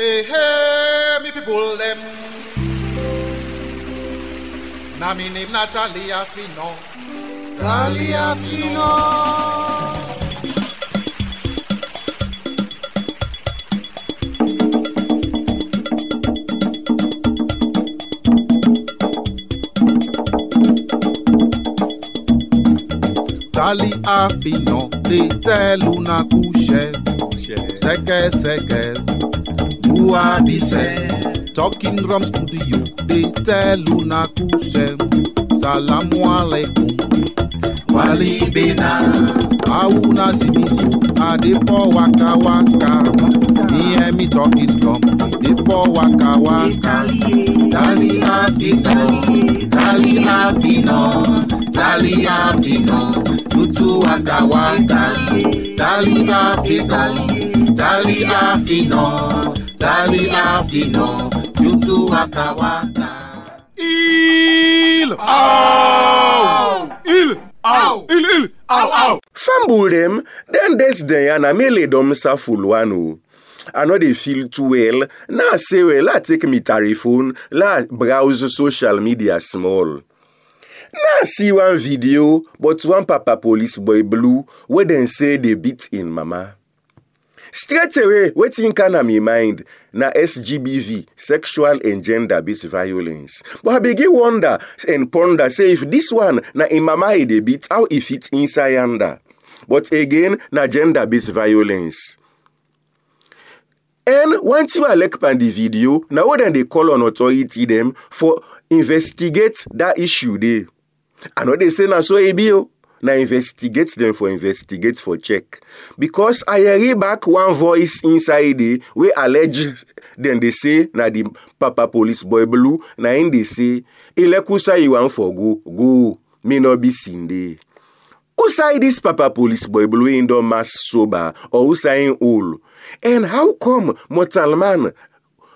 Hey, eh, hey, me people them. Na me name Natalia Fino. Natalia Fino. Tali Afino, they tell una couche, seke seke. Yahoo be say, talking drums to the youth, they tell una kusem, salamu alaikum. Wali bena, auna simisu, ade for waka waka. Me and me talking drum, they for waka waka. Italy, Italy, Italy, Italy, Italy, Italy, Italy, tutu akawa tali tali afi tali tali afi náà tani a fi nà yóò akawaka. il aw il aw il il aw aw. fambu dem dem des diana mele dom safulu anu. I no dey feel too well. Na say well, I take me telephone, la browse social media small. Na see one video, but one papa police boy blue, where dem say they beat in mama. Straight away, wetin can am in mind na SGBV, sexual and gender-based violence. But I begin wonder and ponder, say if this one na im mama e dey beat, how e fit inside yanda? But again, na gender-based violence. And once you are like on the video, na then they call on authority them for investigate that issue de, I know they say na so e be o na investigate dem for investigate for check because i hear back one voice inside there wey allege dem dey say na di papa police boy blue na im dey say ilekusa you wan for go go may no be Who say dis papa police boy blue im don mass sober or who say im old and how come mortal man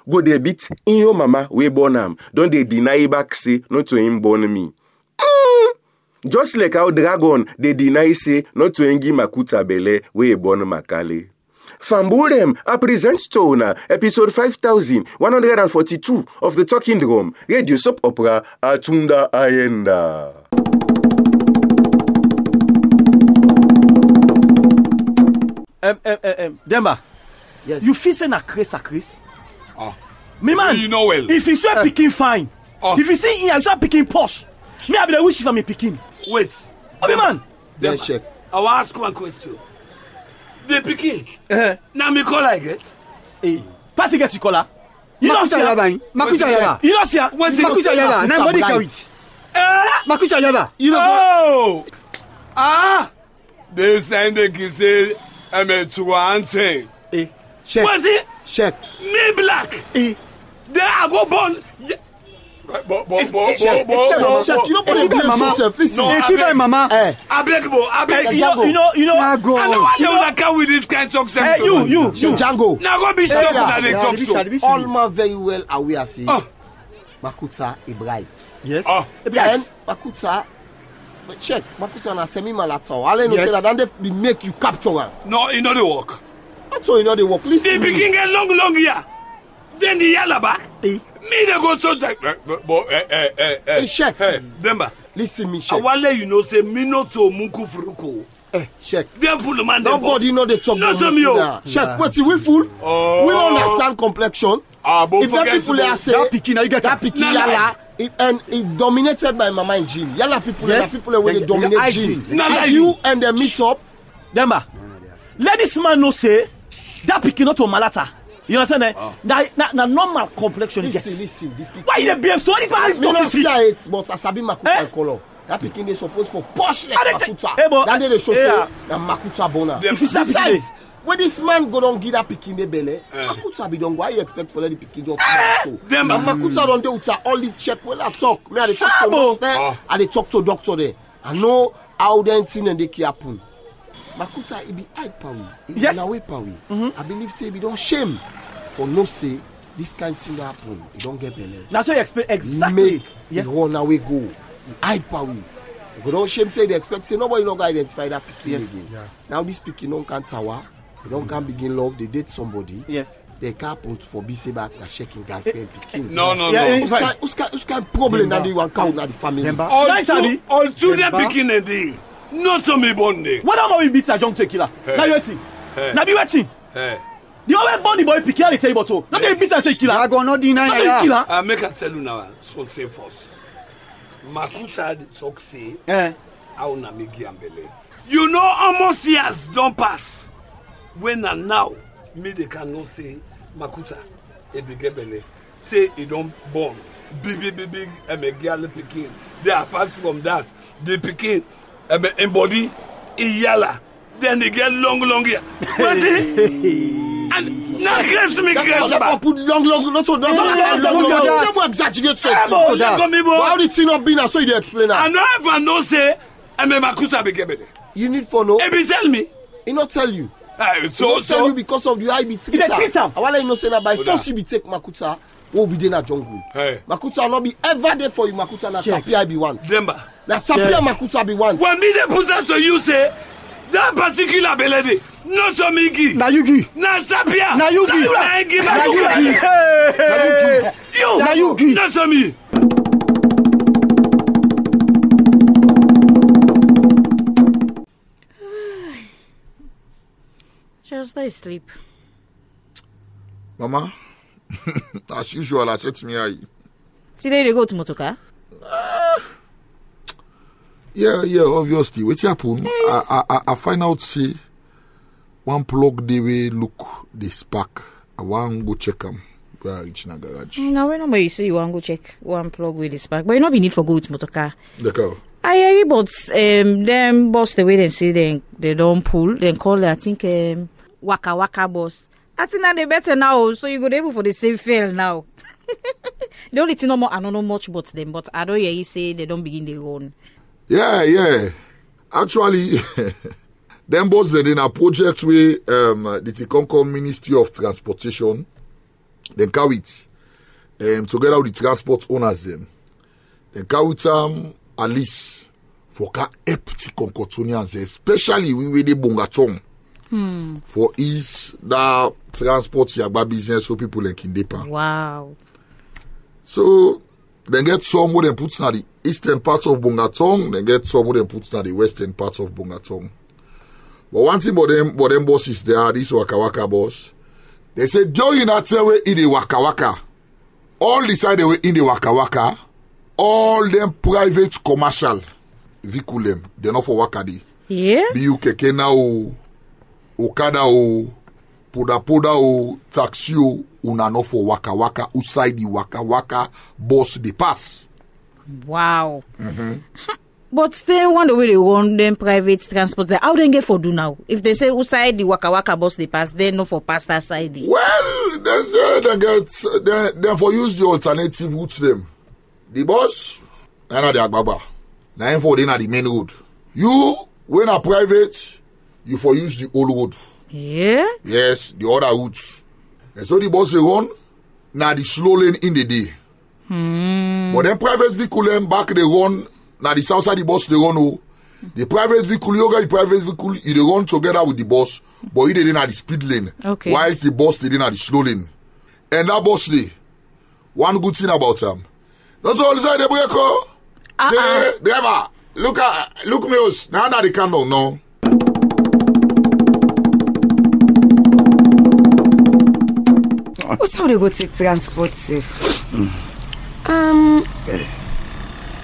go dey beat im own mama wey born am don dey deny back say no to im born me Just like how dragon they deny say not to engi makuta bele we e born makale. Fambulem, I present Tona, episode 5142 of the Talking Drum, radio soap opera Atunda Ayenda. M Demba, yes. you feel say na Chris a Chris? Ah. Me man, you know well. if you swear eh. picking fine, ah. if you see him, you picking posh. Me, I be the wish for me picking. wait abi man then check i will ask one question the pikin eh. na me call i get. Hey. Eh. pass e get you call am. you don see am makuta yaba you don see am makuta yaba na body carry it makuta yaba you no go. Oh! ah they send a kid say emetuwa ante. Eh. check check me black. Eh. then i go born. Bo, bo, bo, you don't want to blame mama. no, Abeg, hey, mama. Eh. you know, you know, you know. I know why una come with this kind of success. Hey, you, you, you. Django. Now go be sure una dey talk All man very well aware say ah. Makuta a Yes. Oh. Ah. Then Makuta but check Makuta na semi malator. I know yes. say that then they make you capture am. No, e no work. That's why e no work. Lis ten. The pikin get long long hair. Then e yalla back. Eh. Me they go so take. Eh, but eh eh eh eh. Check. Eh, Demba. Listen, me check. Awale, you know, say me no to muku furuko. Eh, check. Them fool man. Nobody know the talk. No, some you. Check. Wait, we fool. We don't oh. understand complexion. Ah, but if that people are say that pikin, you get that pikin, yala. and it dominated by mama and Jim. Yala people, yes. yala people wey dey dominate Jim. If you and them meet up. Demba, let this man know say that pikin not to malata. You understand eh? ah. that? Wow. That, that, normal complexion listen, Listen, listen. Why you being so? This man is not it, but Asabi Makuta eh? color. That pikin dey suppose for posh like Makuta. Hey, but, that day they show eh, yeah. say na Makuta you am. Besides, eh. when this man go don give that pikin dey belle, Makuta be don go. How you expect for let the pikin just come out so? Na Makuta don dey with her all this check. When I talk, me I dey talk to ah, nurse there, ah. I dey talk to doctor there. I know how dem thing dem dey happen. Makuta e be hide pawi, e be na way pawi. I believe say e be shame for no say this kind thing wey happen You don get belle. na so you expect exactly make yes. the run away go e hype away e go don shame tey dey expect say nobody no go identify that pikin yes. again yeah. now this pikin don can tawa e don can begin love dey date somebody. yes dey ka happen for be say back na shaking eh, girlfriend pikin. no no yeah, no. whose kind whose kind problem na dey wan count na the family. ọtún ọtún dẹ pikin dem dey no so me born dey. whether or not we beat ajong tekila na your thing na be wetin they always born the boy pikin and they uh, tell you but so no dey beat am say e kill am yago no deny na ya kill am. make i tell una something first makusa dey talk say how eh. una make yam belle you know almost years don pass wey na now me dey can know say makusa ebi get belle say e don born big big big big emegiale pikin dey apart from that the pikin eme im body e yala then e get long long hair. Nankres mi kres ba. Lè pou long long, lè pou long long, long long. Lè pou exaggerate sot. Lè pou lè komi bo. Why di ti nou bin aso yi dey explain An nou evan nou se, eme makusa be gebede. You need for know. Ebi tell me. He not tell you. Ah, hey, so, he not so. tell you because of the high be treat am. He dey treat am. Awala you say na by force you be take makuta. wey be dey na jungle. Hey. Makuta no be ever dey for you, Makuta na tapia be one. Zemba. Na tapia yeah. Makuta be one. When me dey put that to you say, that particular belede no some igi. na yugi. na sapia. na yugi. na igi na yugi. na yugi. you na yugi. no some Just I sleep. Mama, as usual, I set me me, I. Today they go to Motoka? Ah, Yeah, yeah, obviously. What's happened? I, I, I find out, see, one plug the way look, the spark. I want go check them. Uh, it's in garage. Now, when you say you want to go check one plug with the spark, but you know, be need for good motor car. The car. I hear but um, them boss the way they say they, they don't pull, then call, I think, um, Waka Waka boss. I think now they better now, so you go able for the same fail now. the only thing no more, I don't know much about them, but I don't hear you say they don't begin their own. Yeah, yeah. Actually, them both they in a project where um, the Tikonko Ministry of Transportation then carry it um, together with the transport owners them. Then carry them um, at least for can help Tikonkotonians, especially when we dey bungatong Hmm. For ease that transport Yagba business so people like in Wow. So Then get some where they put in the eastern part of Bungatong, then get some where they put in the western part of Bungatong. But one thing about them, about them bosses there, this Waka Waka boss, they say, in that way in the Waka Waka, all decide side in the Waka Waka, all them private commercial vehicle them, they're not for Wakadi. Yeah. Be keke now, Okada o, Poda Poda o, taxi o, una no for waka waka usaidi waka waka boss the pass. wow. Mm -hmm. but they wonder the way they want them private transport how they get for do now if they say outside the waka waka bus they pass they no for pass that side. well they say they get they, they for use the alternative route them the bus na na the Agbaba. na are for na the main road you when a private you for use the old road. Yeah? yes the other route And so the bus will run, na the slow lane in the day. Hmm. But then private vehicle them back they run, na the south side the bus they run oh. The private vehicle, yoga the private vehicle, you they run together with the bus, but you didn't have the speed lane. Okay. Whilst the bus they didn't have the slow lane. And that bus they, one good thing about them, that's all inside dey break oh. uh uh-uh. Say, driver, look at look me us. Oh, now that the candle no. no. Uthole ukuthi kusikanisport safe. Um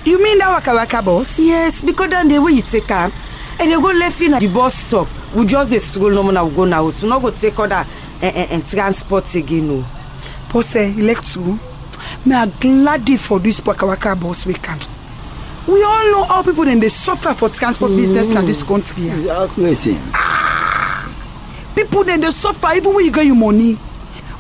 You mean our Kawaka boss? Yes, because then the way you take her and you go left in at the bus stop, we just dey stroll no na we go now. So no go take other and transport again no. Pose electu. Me are glad for this Kawaka boss we come. We all know how people then they suffer for transport business in this country. Exactly. Ah, people then they suffer even when you get your money.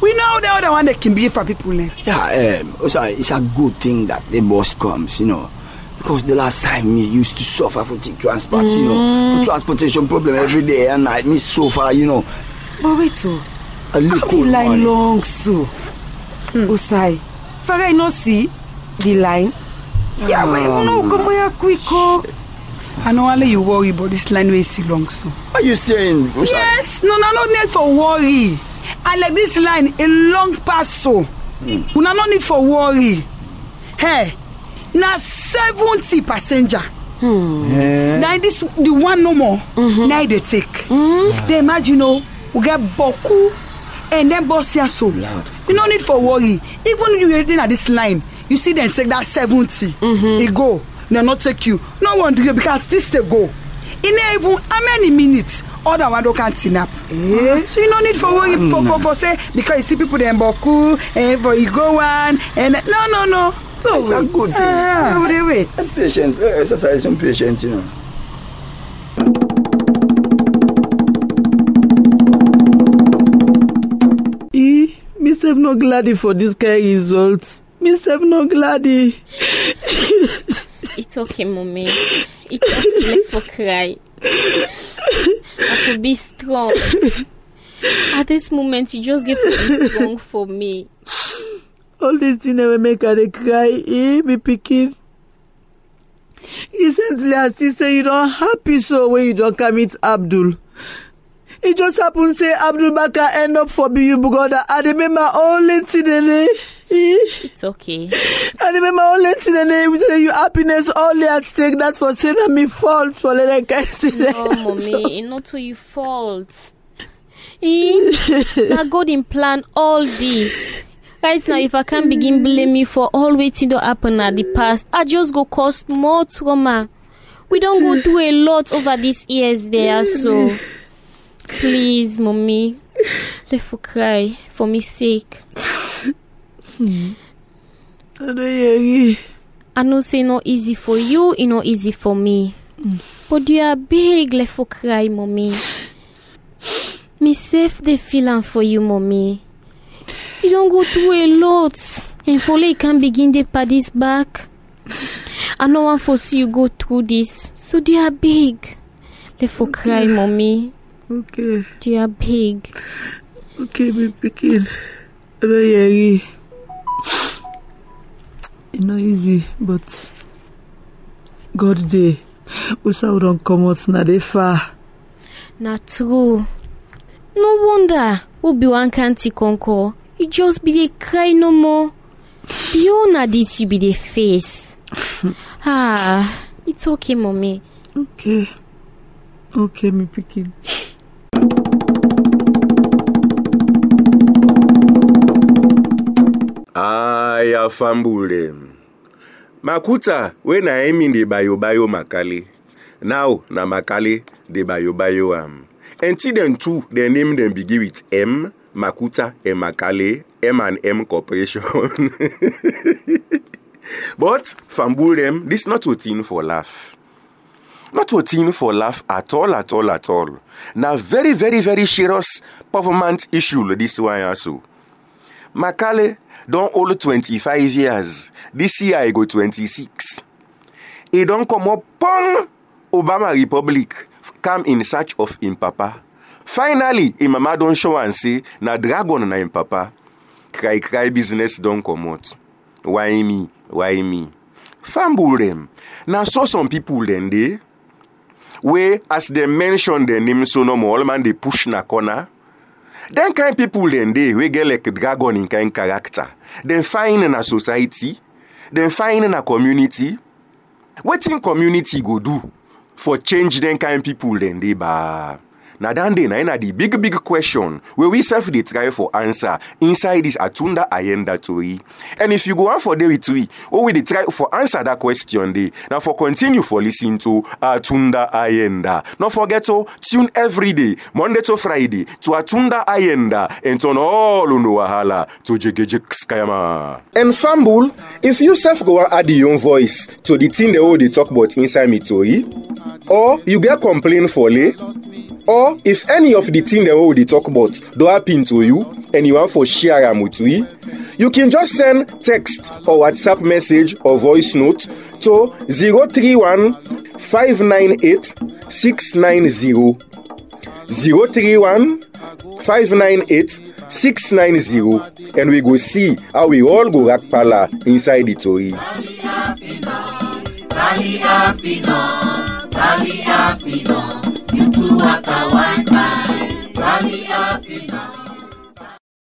We know the other one that can be for people. Eh? Yeah, um, also, it's a good thing that the bus comes, you know. Because the last time me used to suffer for the transport, mm. you know, for mm. transportation problem every day and night, me far, you know. But wait, so I look the line money. long so. Mm. Usai, I not see the line. yeah, Um, yeah, man, no come here quick, oh. I know only you worry, but this line way is long so. Are you saying? Usai? Yes, no, no, no need for worry i like this line a long pass so mm. una no need for worry hey, na seventy passenger hmm. yeah. na this the one no more mm-hmm. na e dey take mm mm-hmm. yeah. dey imagine o we get boku and then bus here so Loud. you no need for worry even if you dey na this line you see dem take that seventy mm-hmm. e go dem no take you no you because this dey go e no even how many minutes all that one don can snap. Eh? so you no need for worry for for for say because you see people dem boku eh, for you go one and no no no. so wait good. ah no dey wait. patient exercise some patient you know. e me sef no gladi for this kind result me sef no gladi. it's okay mommy. it's okay for cry. I could be strong. At this moment, you just get strong for me. All this thing will make her cry, eh, me picking. Recently, I still say you don't happy so when you don't commit Abdul. It just happened say Abdul Bakar end up for BU Bugoda. I remember only today. Eh? It's okay. I remember only today we say your happiness only at stake. That for saying that me fault for letting Christina. No, mommy, it's not to your fault. Eh? na God in plan all this. Right now, if I can't begin blame you for all waiting to happen at the past, I just go cause more trauma. We don't go through a lot over these years there, so. Please, mommy. Let her cry for me sake. Hmm. I don't hear I know say not easy for you, it not easy for me. Mm. But you are big, let for cry, mommy. me safe the feeling for you, mommy. You don't go through a lot, and you can begin the parties back. I know one foresee you go through this, so they are big. Let for cry, mommy. Okay. You are big. Okay, be picking. It's not easy, but God day. We saw don't come out na de far. Na true. No wonder Obi-Wan can't conquer. You just be dey cry no more. Beyond na this you be dey face. ah, it's okay, mommy. Okay. Okay, me picking. Aya famboul dem. Makuta we na emin de bayo bayo makale. Nou na makale de bayo bayo am. Enti den tou, den em den bigi wit M, Makuta e makale, M and M Corporation. But, famboul dem, dis not o tin for laf. Not o tin for laf atol, atol, atol. Na very, very, very shiros performant isyul dis wanyan sou. Makale don ol 25 yaz, disi ya e go 26. E don komot pong Obama Republik, kam in sach of impapa. Finally, e mama don show an se, na dragon na impapa. Krai krai biznes don komot. Wai mi, wai mi. Fan bou rem, na so son pipol den de, we as dem mensyon den nim, so non mo olman de push na kona, dem kind people dem dey wey get like dragon in kind character dem fine na society dem fine na community wetin community go do for change dem kind people dem dey baa na that day na na the big big question wey we sef dey try for answer inside this atunda ayenda tori and if you go out for day with we wey we dey try for answer that question dey na for continue for lis ten to atunda ayenda no forget to tune every day monday to friday to atunda ayenda and turn all unu wahala to jegeje skayama. and fambul if you sef go wan add your own voice to the thing dey wey we dey talk about inside me tori or you get complain for lay. or if any of the thing that we already talk about do happen to you and you for share am with we you can just send text or whatsapp message or voice note to 031 598 690 031 and we go see how we all go rock pala inside the tori. What watawapa, Rally Africa.